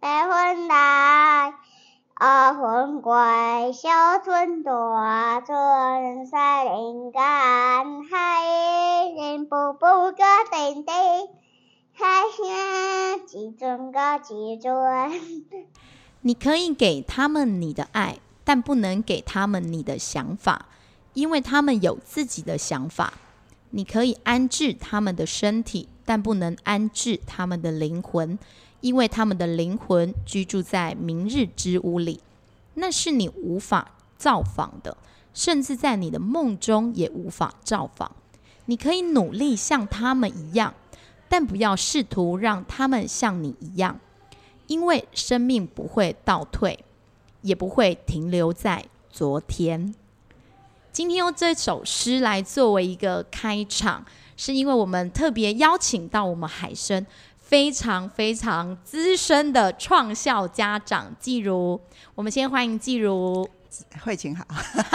白歸。小村嗨！人 嗨，你可以給他們你的愛，但不能給他們你的想法，因為他們有自己的想法。你可以安置他們的身體，但不能安置他們的靈魂。因為他們的靈魂居住在明日之屋裡，那是你無法造訪的，甚至在你的夢中也無法造訪。你可以努力像他們一樣，但不要試圖讓他們像你一樣，因為生命不會倒退，也不會停留在昨天。今天用這首詩來作為一個開場，是因為我們特別邀請到我們海聲，非常非常資深的創校家長紀如，我們先歡迎紀如、慧宜好，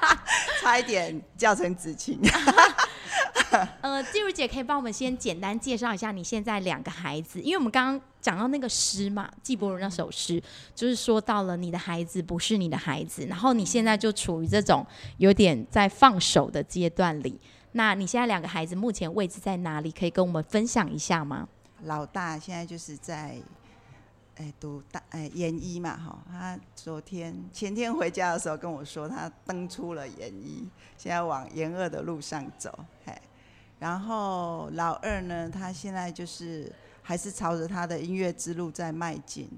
差一點叫成子晴。 呃，紀如姐可以幫我們先簡單介紹一下你現在兩個孩子，因為我們剛剛講到那個詩嘛，紀伯倫那首詩，嗯、就是說到了你的孩子不是你的孩子，然後你現在就處於這種有點在放手的階段裡。那你現在兩個孩子目前位置在哪裡？可以跟我們分享一下嗎？老大現在就是在，哎，讀大哎研一嘛哈，他昨天前天回家的時候跟我說，他登出了研一，現在往研二的路上走。嘿。然後老二呢，他現在就是還是朝着他的音樂之路在邁進。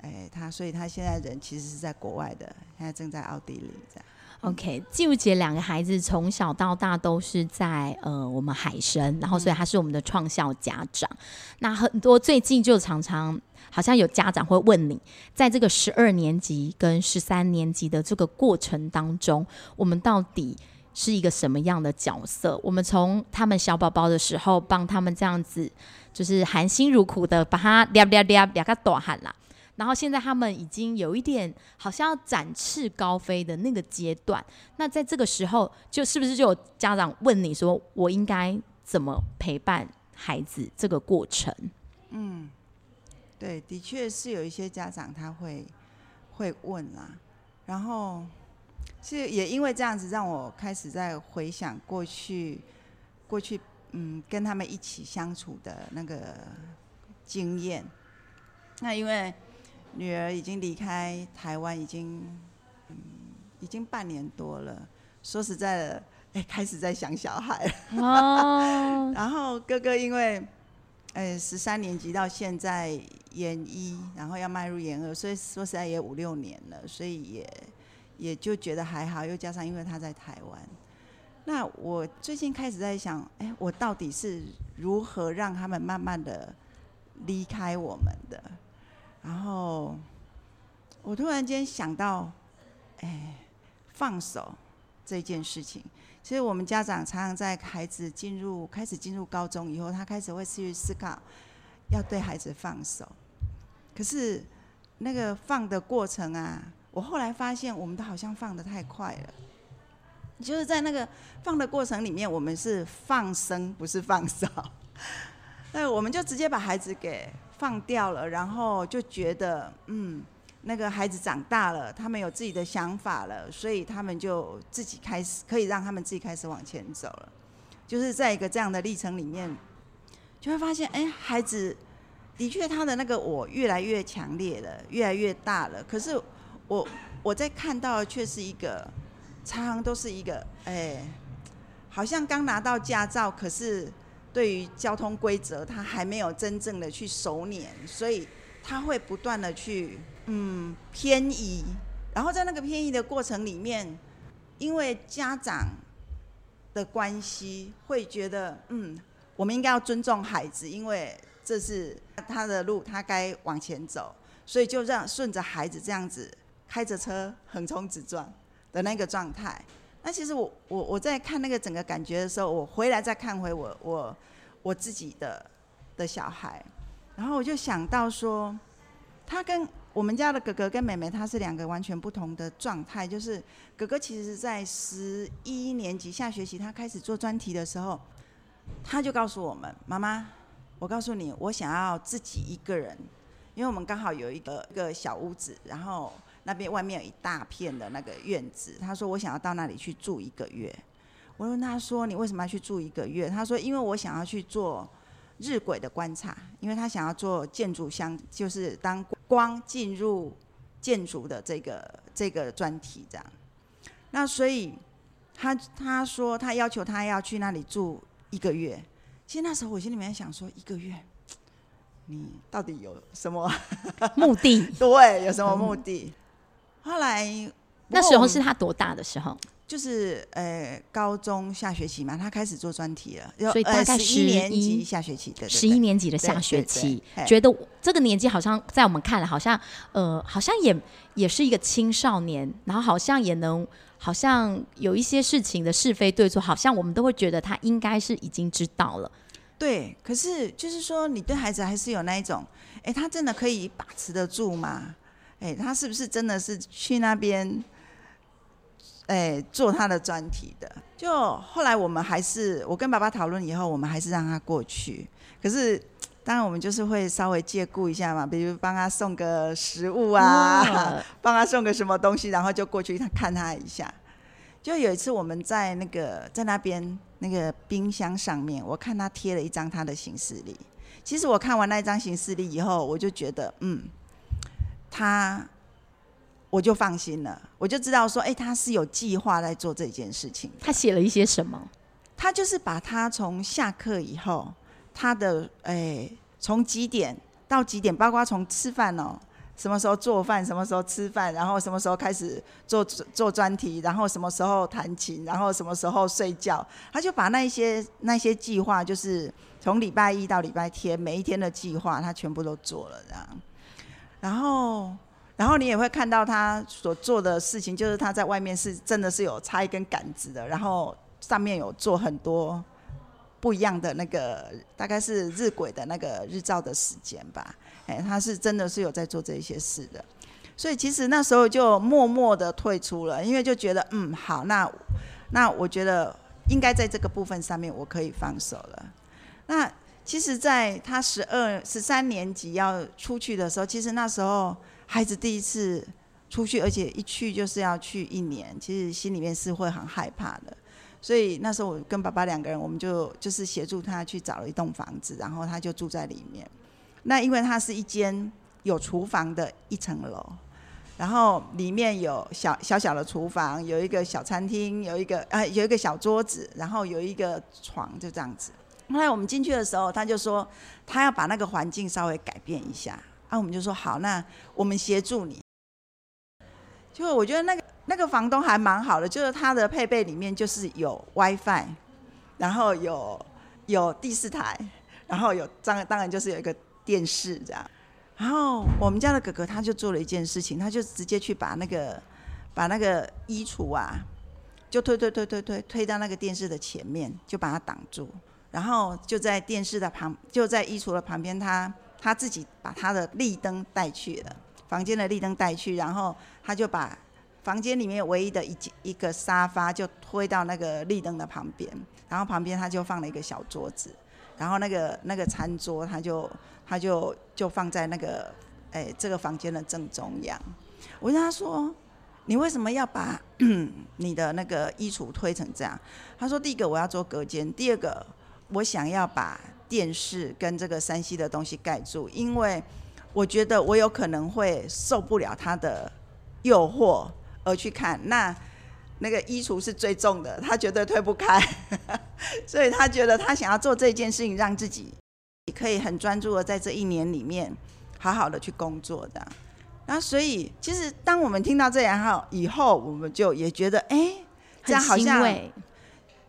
哎，他所以他現在人其實是在國外的，現在正在奧地利這樣。OK，紀如姐，兩個孩子從小到大都是在呃我們海聲，然後所以他是我們的創校家長。嗯、那很多最近就常常好像有家長會問你，在這個十二年級跟十三年級的這個過程當中，我們到底是一個什麼樣的角色？我們從他們小寶寶的時候幫他們這樣子，就是含辛茹苦的把他嗲嗲嗲嗲個大漢啦。然後現在他們已經有一點好像要展翅高飛的那個階段，那在這個時候，就是不是就有家長問你說我應該怎麼陪伴孩子這個過程？嗯，對，的確是有一些家長他會會問啦。然後是也因為這樣子，讓我開始在回想過去過去，嗯，跟他們一起相處的那個經驗。那因為。女兒已經離開台灣，已經，嗯，已經半年多了。說實在的，哎、欸，開始在想小孩了。 然後哥哥因為，呃、欸，十三年級到現在研一，然後要邁入研二，所以說實在也五六年了，所以也也就覺得還好。又加上因為他在台灣，那我最近開始在想，哎、欸，我到底是如何讓他們慢慢的離開我們的？然後，我突然間想到，哎，放手這件事情，其實我們家長常常在孩子進入開始進入高中以後，他開始會去思考要對孩子放手。可是那個放的過程啊，我後來發現，我們都好像放得太快了。就是在那個放的過程裡面，我們是放生，不是放手。對， 我們就直接把孩子給。放掉了，然後就覺得，嗯，那個孩子長大了，他們有自己的想法了，所以他們就自己開始，可以讓他們自己開始往前走了。就是在一個這樣的歷程裡面，就會發現，哎，孩子的確他的那個我越來越強烈了，越來越大了。可是我我在看到的卻是一個，常常都是一個，哎，好像剛拿到駕照，可是。對於交通規則，他還沒有真正的去熟稔，所以他會不斷的去嗯偏移，然後在那個偏移的過程裡面，因為家長的關係，會覺得嗯，我們應該要尊重孩子，因為這是他的路，他該往前走，所以就讓順着孩子這樣子開着車橫衝直撞的那個狀態。那其實我我我在看那個整個感覺的時候，我回來再看回我我我自己的的小孩，然後我就想到說，他跟我們家的哥哥跟妹妹，他是兩個完全不同的狀態。就是哥哥其實在十一年級下學期他開始做專題的時候，他就告訴我們媽媽，我告訴你，我想要自己一個人，因為我們剛好有一個一個小屋子，然後。那邊外面有一大片的那個院子，他說我想要到那裡去住一個月。我問他說：“你為什麼要去住一個月？”他說：“因為我想要去做日晷的觀察，因為他想要做建築箱，就是當光進入建築的這個這個專題這樣。那所以他他說他要求他要去那裡住一個月。其實那時候我心裡面想說，一個月你到底有什麼目的？ 對，有什麼目的？”嗯後來那時候是他多大的時候？就是呃，高中下學期嘛，他開始做專題了，所以大概十一、呃、十一年級下學期，對，十一年級的下學期，對對對，覺得這個年紀好像在我們看來，好像呃，好像也也是一個青少年，然後好像也能，好像有一些事情的是非對錯，好像我們都會覺得他應該是已經知道了。對，可是就是說，你對孩子還是有那一種，哎、欸，他真的可以把持得住嗎？哎、欸，他是不是真的是去那邊？哎、欸，做他的專題的。就後來我們還是，我跟爸爸討論以後，我們還是讓他過去。可是當然我們就是會稍微借故一下嘛，比如幫他送個食物啊，幫、嗯啊、他送個什麼東西，然後就過去看他一下。就有一次我們在那個在那邊那個冰箱上面，我看他貼了一張他的行事曆。其實我看完那一張行事曆以後，我就覺得嗯。他，我就放心了，我就知道說，哎，他是有計劃在做這件事情。他寫了一些什麼？他就是把他從下課以後，他的哎，從幾點到幾點，包括從吃飯哦，什麼時候做飯，什麼時候吃飯，然後什麼時候開始做做專題，然後什麼時候彈琴，然後什麼時候睡覺，他就把那些那些計劃，就是從禮拜一到禮拜天，每一天的計劃，他全部都做了這樣。然後，然後你也會看到他所做的事情，就是他在外面是真的是有插一根杆子的，然後上面有做很多不一樣的那個，大概是日晷的那個日照的時間吧。誒、哎，他是真的是有在做這些事的，所以其實那時候就默默的退出了，因為就覺得嗯，好，那，那我覺得應該在這個部分上面我可以放手了，那。其實，在他十二、十三年級要出去的時候，其實那時候孩子第一次出去，而且一去就是要去一年，其實心裡面是會很害怕的。所以那時候我跟爸爸兩個人，我們就就是協助他去找了一棟房子，然後他就住在裡面。那因為他是一間有廚房的一層樓，然後裡面有小小小的廚房，有一個小餐廳，有一個啊、呃、有一個小桌子，然後有一個床，就這樣子。後來我們進去的時候，他就說他要把那個環境稍微改變一下。後、啊、我們就說好，那我們協助你。就我覺得那個那個房東還蠻好的，就是他的配備裡面就是有 WiFi，然後有有第四台，然後有當當然就是有一個電視這樣。然後我們家的哥哥他就做了一件事情，他就直接去把那個把那個衣櫥啊，就推推推推推推，推到那個電視的前面，就把它擋住。然後就在電視的旁，就在衣櫥的旁邊他，他他自己把他的立燈帶去了，房間的立燈帶去，然後他就把房間裡面唯一的一一個沙發就推到那個立燈的旁邊，然後旁邊他就放了一個小桌子，然後那個那個餐桌他就他就就放在那個哎這個房間的正中央。我跟他說：“你為什麼要把你的那個衣櫥推成這樣？”他說：“第一個我要做隔間，第二個。”我想要把電視跟這個 3C 的東西蓋住，因為我覺得我有可能會受不了他的誘惑而去看。那那個衣櫥是最重的，他絕對推不開， 所以他覺得他想要做這件事情，讓自己可以很專注的在這一年裡面好好的去工作。的，然後所以其實當我們聽到這兩號以後，我們就也覺得，哎、欸，這樣好像。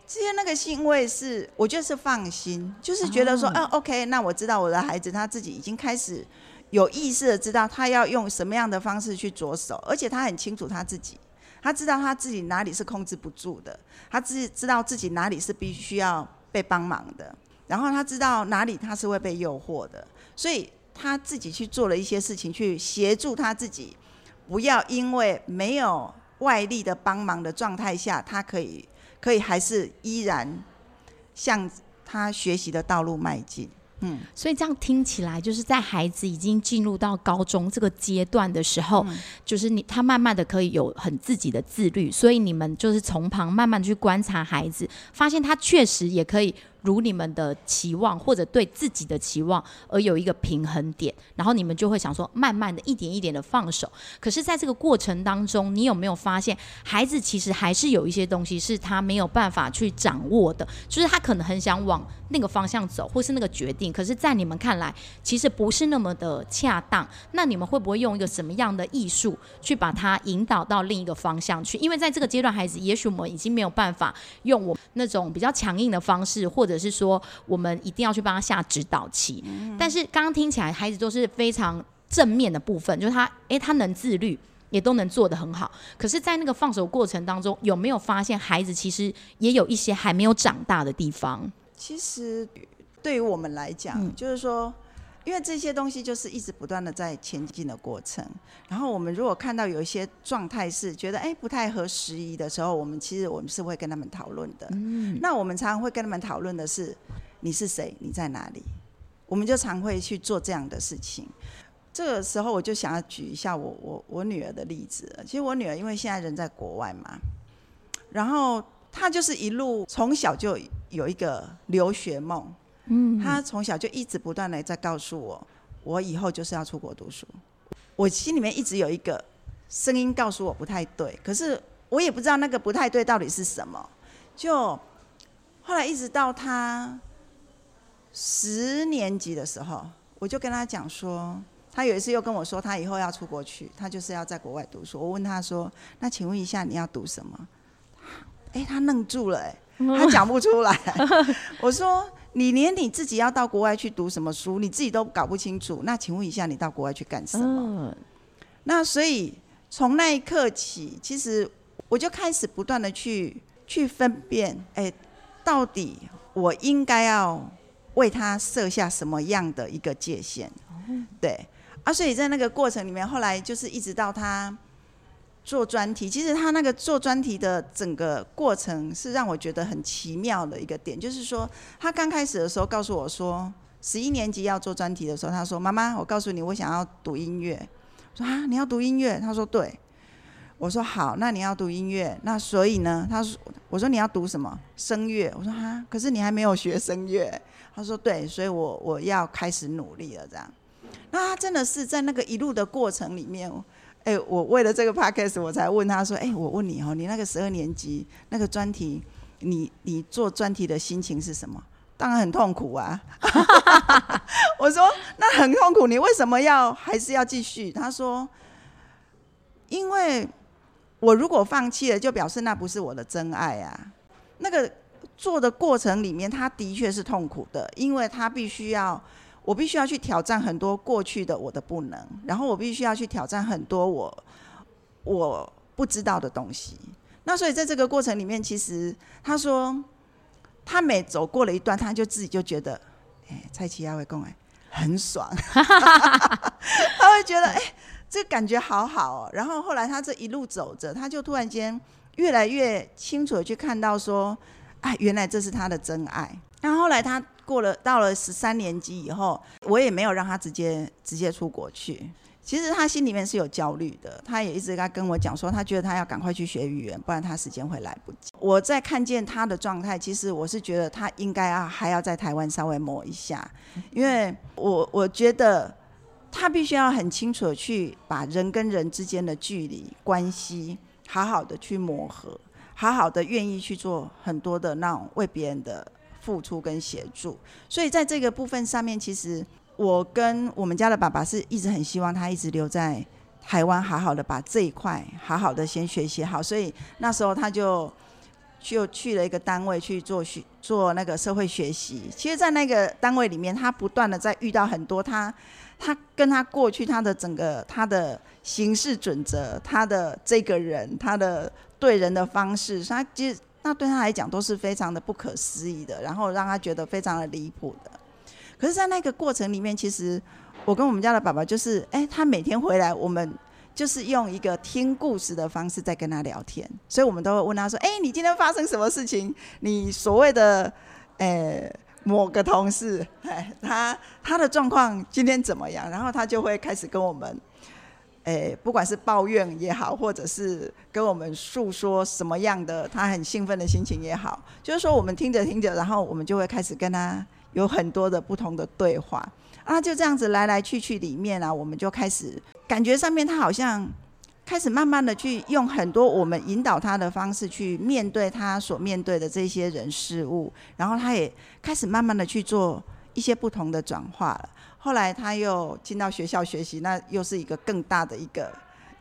之前那個欣慰是，我就是放心，就是覺得說，oh. 啊，OK，那我知道我的孩子他自己已經開始有意識的知道他要用什麼樣的方式去着手，而且他很清楚他自己，他知道他自己哪裡是控制不住的，他自知，知道自己哪裡是必須要被幫忙的，然後他知道哪裡他是會被誘惑的，所以他自己去做了一些事情去協助他自己，不要因為沒有外力的幫忙的狀態下，他可以。可以還是依然向他學習的道路邁進。嗯，所以這樣聽起來，就是在孩子已經進入到高中這個階段的時候，就是你他慢慢的可以有很自己的自律，所以你們就是從旁慢慢去觀察孩子，發現他確實也可以。如你們的期望或者對自己的期望而有一個平衡點，然後你們就會想說，慢慢的一點一點的放手。可是，在這個過程當中，你有沒有發現，孩子其實還是有一些東西是他沒有辦法去掌握的，就是他可能很想往那個方向走，或是那個決定。可是，在你們看來，其實不是那麼的恰當。那你們會不會用一個什麼樣的藝術去把他引導到另一個方向去？因為在這個階段，孩子也許我們已經沒有辦法用我那種比較強硬的方式，或者或者是說，我們一定要去幫他下指導棋。但是剛剛聽起來，孩子都是非常正面的部分，就是他，誒、欸，他能自律，也都能做得很好。可是，在那個放手過程當中，有沒有發現孩子其實也有一些還沒有長大的地方？其實，對於我們來講，就是說。因為這些東西就是一直不斷的在前進的過程。然後我們如果看到有一些狀態是覺得哎不太合時宜的時候，我們其實我們是會跟他們討論的。嗯，那我們常常會跟他們討論的是，你是誰，你在哪裡？我們就常會去做這樣的事情。這個時候我就想要舉一下我我我女兒的例子。其實我女兒因為現在人在國外嘛，然後她就是一路從小就有一個留學夢。嗯，嗯，他從小就一直不斷的在告訴我，我以後就是要出國讀書。我心裡面一直有一個聲音告訴我不太對，可是我也不知道那個不太對到底是什麼。就後來一直到他十年級的時候，我就跟他講說，他有一次又跟我說他以後要出國去，他就是要在國外讀書。我問他說，那請問一下你要讀什麼？哎，他愣住了，哎，他講不出來。 我說。你連你自己要到國外去讀什麼書，你自己都搞不清楚。那請問一下，你到國外去幹什麼？嗯、那所以從那一刻起，其實我就開始不斷的去去分辨，誒、欸，到底我應該要為他設下什麼樣的一個界限？哦、對，啊，所以在那個過程裡面，後來就是一直到他。做專題，其實他那個做專題的整個過程是讓我覺得很奇妙的一個點，就是說他剛開始的時候告訴我說，十一年級要做專題的時候，他說：“媽媽，我告訴你，我想要讀音樂。”我說：“啊，你要讀音樂？”他說：“對。”我說：“好，那你要讀音樂，那所以呢？”他說：“我說你要讀什麼聲樂？”我說：“啊，可是你還沒有學聲樂。”他說：“對，所以我我要開始努力了。”這樣，那他真的是在那個一路的過程裡面。欸、我為了這個 podcast 我才問他說：“哎、欸，我問你哦、喔，你那個十二年級那個專題，你你做專題的心情是什麼？當然很痛苦啊。” 我說：“那很痛苦，你為什麼要還是要繼續？”他說：“因為我如果放棄了，就表示那不是我的真愛啊。那個做的過程裡面，他的確是痛苦的，因為他必須要。”我必須要去挑戰很多過去的我的不能，然後我必須要去挑戰很多我我不知道的東西。那所以在這個過程裡面，其實他說他每走過了一段，他就自己就覺得，哎、欸，蔡奇亞會貢哎，很爽， 他會覺得哎、欸，這感覺好好哦、喔。然後後來他這一路走着，他就突然間越來越清楚地去看到說，哎、欸，原來這是他的真愛。然後後來他。過了到了十三年級以後，我也沒有讓他直接直接出國去。其實他心裡面是有焦慮的，他也一直在跟我講說，他覺得他要趕快去學語言，不然他時間會來不及。我在看見他的狀態，其實我是覺得他應該啊還要在台灣稍微磨一下，因為我我覺得他必須要很清楚去把人跟人之間的距離關係好好的去磨合，好好的願意去做很多的那種為別人的。付出跟協助，所以在這個部分上面，其實我跟我們家的爸爸是一直很希望他一直留在台灣，好好的把這一塊好好的先學習好。所以那時候他就就去了一個單位去做學做那個社會學習。其實，在那個單位裡面，他不斷的在遇到很多他他跟他過去他的整個他的行事準則，他的這個人，他的對人的方式，他其實。那對他來講都是非常的不可思議的，然後讓他覺得非常的離譜的。可是，在那個過程裡面，其實我跟我們家的爸爸就是，哎、欸，他每天回來，我們就是用一個聽故事的方式在跟他聊天，所以我們都會問他說：“哎、欸，你今天發生什麼事情？你所謂的，誒、欸，某個同事，欸，他他的狀況今天怎麼樣？”然後他就會開始跟我們。誒，不管是抱怨也好，或者是跟我們訴說什麼樣的他很興奮的心情也好，就是說我們聽着聽着，然後我們就會開始跟他有很多的不同的對話啊，就這樣子來來去去裡面啊，我們就開始感覺上面他好像開始慢慢的去用很多我們引導他的方式去面對他所面對的這些人事物，然後他也開始慢慢的去做一些不同的轉化了。後來他又進到學校學習，那又是一個更大的一個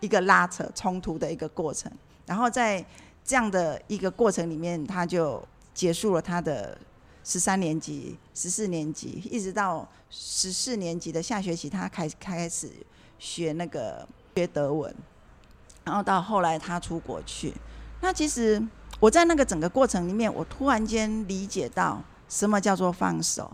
一個拉扯衝突的一個過程。然後在這樣的一個過程裡面，他就結束了他的十三年級、十四年級，一直到十四年級的下學期，他開開始學那個學德文，然後到後來他出國去。那其實我在那個整個過程裡面，我突然間理解到什麼叫做放手。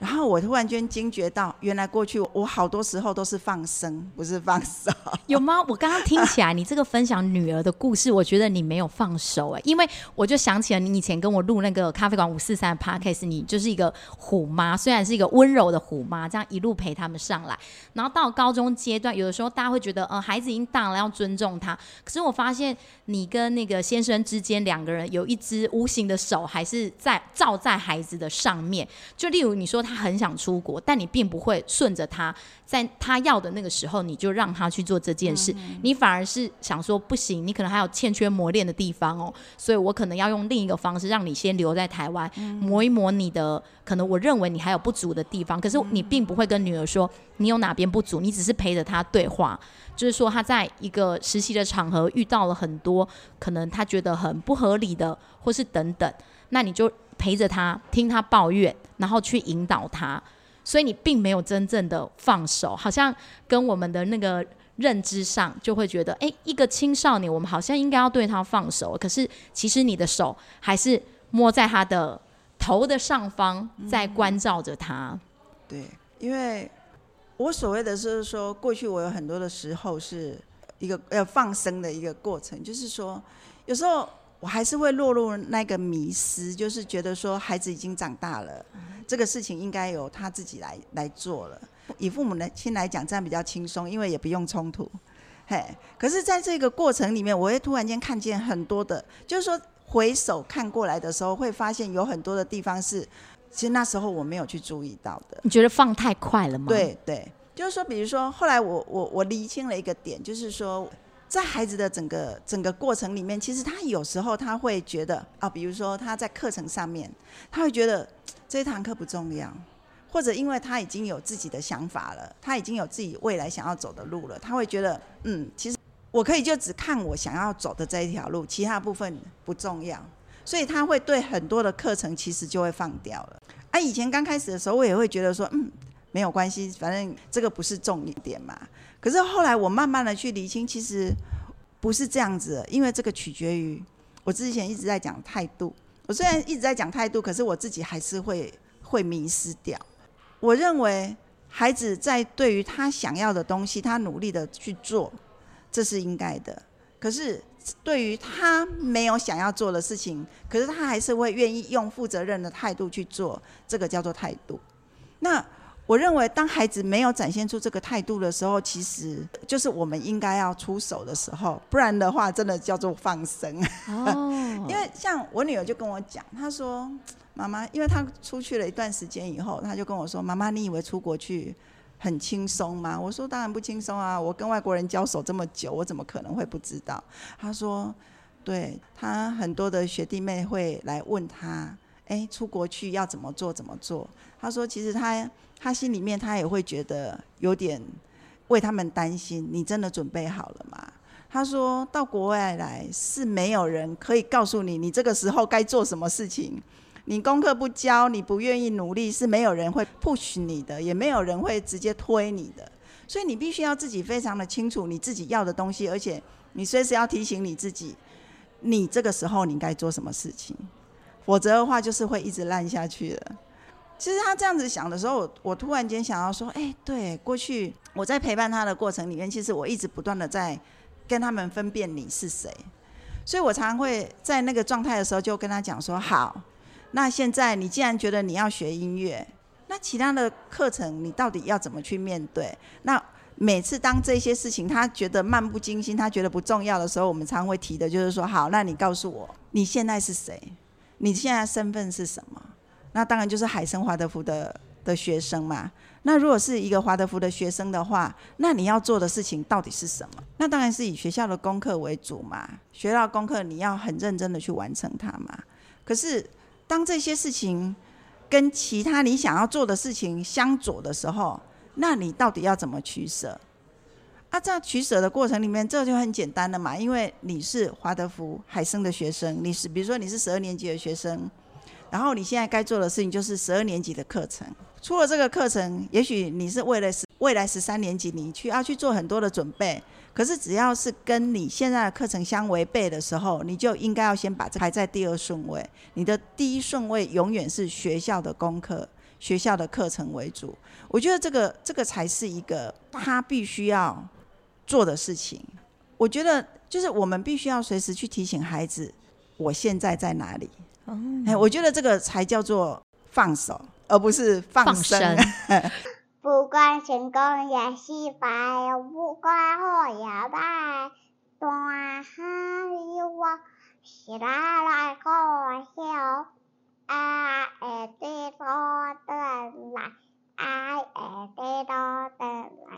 然後我突然間驚覺到，原來過去我好多時候都是放生，不是放手。有嗎？我剛剛聽起來你這個分享女兒的故事，我覺得你沒有放手哎、欸，因為我就想起了你以前跟我錄那個咖啡館五四三的 podcast，你就是一個虎媽，雖然是一個溫柔的虎媽，這樣一路陪他們上來。然後到高中階段，有的時候大家會覺得，嗯、呃，孩子已經大了，要尊重他。可是我發現你跟那個先生之間，兩個人有一隻無形的手，還是在罩在孩子的上面。就例如你說。他很想出國，但你並不會順着他，在他要的那個時候，你就讓他去做這件事。嗯哼。你反而是想說，不行，你可能還有欠缺磨練的地方哦，所以我可能要用另一個方式，讓你先留在台灣，嗯。磨一磨你的。可能我認為你還有不足的地方，可是你並不會跟女兒說你有哪邊不足，你只是陪着他對話，就是說他在一個實習的場合遇到了很多可能他覺得很不合理的，或是等等，那你就。陪着他，聽他抱怨，然後去引導他，所以你並沒有真正的放手，好像跟我們的那個認知上就會覺得，誒，一個青少年，我們好像應該要對他放手，可是其實你的手還是摸在他的頭的上方，在、嗯、關照着他。對，因為我所謂的是說，過去我有很多的時候是一個要放生的一個過程，就是說有時候。我還是會落入那個迷思，就是覺得說孩子已經長大了，這個事情應該由他自己來來做了。以父母的心來講，這樣比較輕鬆，因為也不用衝突。嘿，可是，在這個過程裡面，我會突然間看見很多的，就是說回首看過來的時候，會發現有很多的地方是，其實那時候我沒有去注意到的。你覺得放太快了嗎？對對，就是說，比如說，後來我我我釐清了一個點，就是說。在孩子的整個整個過程裡面，其實他有時候他會覺得啊，比如說他在課程上面，他會覺得這一堂課不重要，或者因為他已經有自己的想法了，他已經有自己未來想要走的路了，他會覺得嗯，其實我可以就只看我想要走的這一條路，其他部分不重要，所以他會對很多的課程其實就會放掉了。啊，以前剛開始的時候，我也會覺得說嗯，沒有關係，反正這個不是重點嘛。可是後來我慢慢的去理清，其實不是這樣子，因為這個取決於我之前一直在講態度。我雖然一直在講態度，可是我自己還是會會迷失掉。我認為孩子在對於他想要的東西，他努力的去做，這是應該的。可是對於他沒有想要做的事情，可是他還是會願意用負責任的態度去做，這個叫做態度。那，我認為，當孩子沒有展現出這個態度的時候，其實就是我們應該要出手的時候，不然的話，真的叫做放生。Oh. 因為像我女兒就跟我講，她說：“媽媽，因為她出去了一段時間以後，她就跟我說，媽媽，你以為出國去很輕鬆嗎？”我說：“當然不輕鬆啊，我跟外國人交手這麼久，我怎麼可能會不知道？”她說：“對，她很多的學弟妹會來問她。”哎、欸，出國去要怎麼做？怎麼做？他說：“其實他他心裡面他也會覺得有點為他們擔心。你真的準備好了嗎？”他說到國外來是沒有人可以告訴你，你這個時候該做什麼事情。你功課不交，你不願意努力，是沒有人會 push 你的，也沒有人會直接推你的。所以你必須要自己非常的清楚你自己要的東西，而且你隨時要提醒你自己，你這個時候你該做什麼事情。否則的話，就是會一直爛下去的。其實他這樣子想的時候，我，我突然間想到說，哎、欸，對，過去我在陪伴他的過程裡面，其實我一直不斷的在跟他們分辨你是誰。所以我常，常會在那個狀態的時候，就跟他講說：好，那現在你既然覺得你要學音樂，那其他的課程你到底要怎麼去面對？那每次當這些事情他覺得漫不經心，他覺得不重要的時候，我們常，常會提的就是說：好，那你告訴我你現在是誰？你現在身份是什麼？那當然就是海聲華德福的的學生嘛。那如果是一個華德福的學生的話，那你要做的事情到底是什麼？那當然是以學校的功課為主嘛。學校功課你要很認真的去完成它嘛。可是當這些事情跟其他你想要做的事情相左的時候，那你到底要怎麼取捨？啊，這樣取舍的過程裡面，這就很簡單了嘛，因為你是華德福海聲的學生，你是比如說你是十二年級的學生，然後你現在該做的事情就是十二年級的課程。除了這個課程，也許你是為了是未來十三年級你去要去做很多的準備，可是只要是跟你現在的課程相違背的時候，你就應該要先把這排在第二順位。你的第一順位永遠是學校的功課、學校的課程為主。我覺得這個這個才是一個他必須要。做的事情，我覺得就是我們必須要隨時去提醒孩子，我現在在哪裡。嗯。哎，我覺得這個才叫做放手，而不是放生。放生 不管成功也失敗，不管我有多大困難，我依然來搞笑，愛愛對的愛愛愛對多的